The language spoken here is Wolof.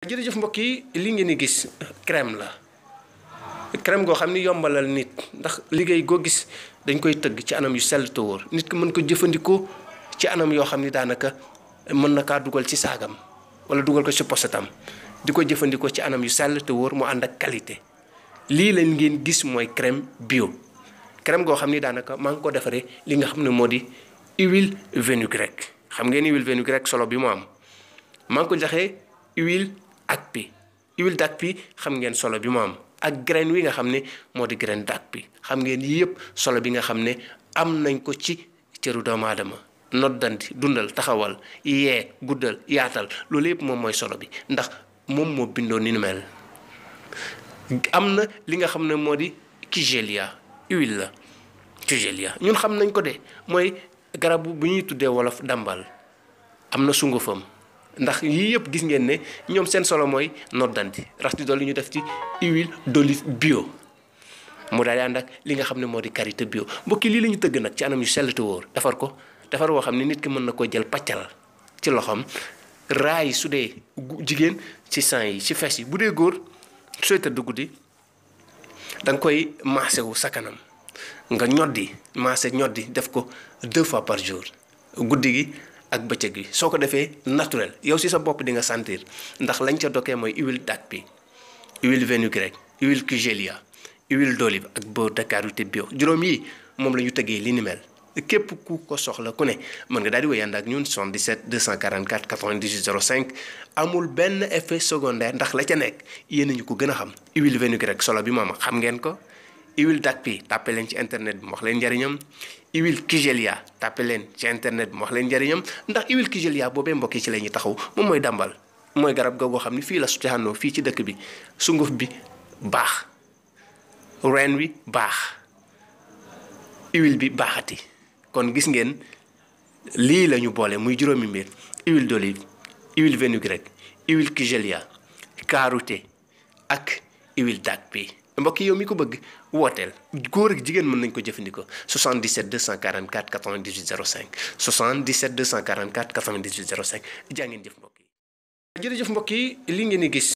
jërëjëf mbokk yi li ngeen di gis crème la crème goo xam ni yombalal nit ndax liggéey goo gis dañ koy tëgg ci anam yu sell te wóor nit ki mën ko jëfandikoo ci anam yoo xam ni daanaka mën na kaa dugal ci saagam wala dugal ko ci posetam di ko jëfandikoo ci anam yu sell te wóor mu ànd ak qualité lii lañ ngeen gis mooy crème bio crème goo xam ni daanaka maa ngi ko defaree li nga xam ne moo di uile huile fenugrec xam ngeen huile fenugrec solo bi mu am maa ko ak bi huile xam ngeen solo bi mu am ak graine wi nga xam ne moo di graine dak bi xam ngeen yii yëpp solo bi nga xam ne am nañ ko ci cëru doomu aadama noddanti dundal taxawal yee guddal yaatal loolu yëpp moom mooy solo bi ndax moom moo bindoo ni nu mel am na li nga xam ne moo di kigelia huile la kigelia ñun xam nañ ko de mooy garab bu ñuy tuddee wolof dàmbal am na sungufam ndax yii yëpp gis ngeen ne ñoom seen solo mooy noddanti rax di dolli ñu def ci huile d'olive bio mu daal di ànd ak li nga xam ne moo di karité bio mbokki lii la ñu tëgg nag ci anam yu sell te wóor defar ko defar woo xam ne nit ki mën na koo jël paccal ci loxoom raay su dee jigéen ci sang yi ci fes yi bu dee góor sooy tëdd guddi danga koy maase wu sakanam nga ñoddi maase ñoddi def ko deux fois par jour guddi gi ak bëccëg bi soo ko defee naturel yow si sa bopp di nga sentir ndax lañ ca dokkee mooy huile date bi huile fenugrec huile kigelia huile d'olive ak beurre de karité bio juróom yi moom la ñu tëggee li ni mel képp ku ko soxla ku ne mën nga daal di wéyand ak ñun 77 244 98 05 amul benn effet secondaire ndax la ca nekk yéen ñu ko gën a xam huile fenugrec solo bi moom xam ngeen ko. huile dakpi tàppe ci internet bi mu wax leen njëriñam huile kigelia tàppe leen ci internet bi mu wax leen njariñam ndax huile kigelia boobee mbokki ci la ñuy taxaw moom mooy dàmbal mooy garab ga goo xam ni fii la sutihanoo fii ci dëkk bi sunguf bi baax reen wi baax huile bi baaxati kon gis ngeen lii la ñu boole muy juróomi mbir huile d'olive huile fenugrec huile kigelia carotte ak huile dakpi mbokk yow mi ko bëgg wooteel góor ak jigéen mën nañ ko jëfandikoo 77 244 98 05 77 244 98 05 jaa ngeen jëf mbokk yi. jërëjëf mbokk yi li ngeen di gis.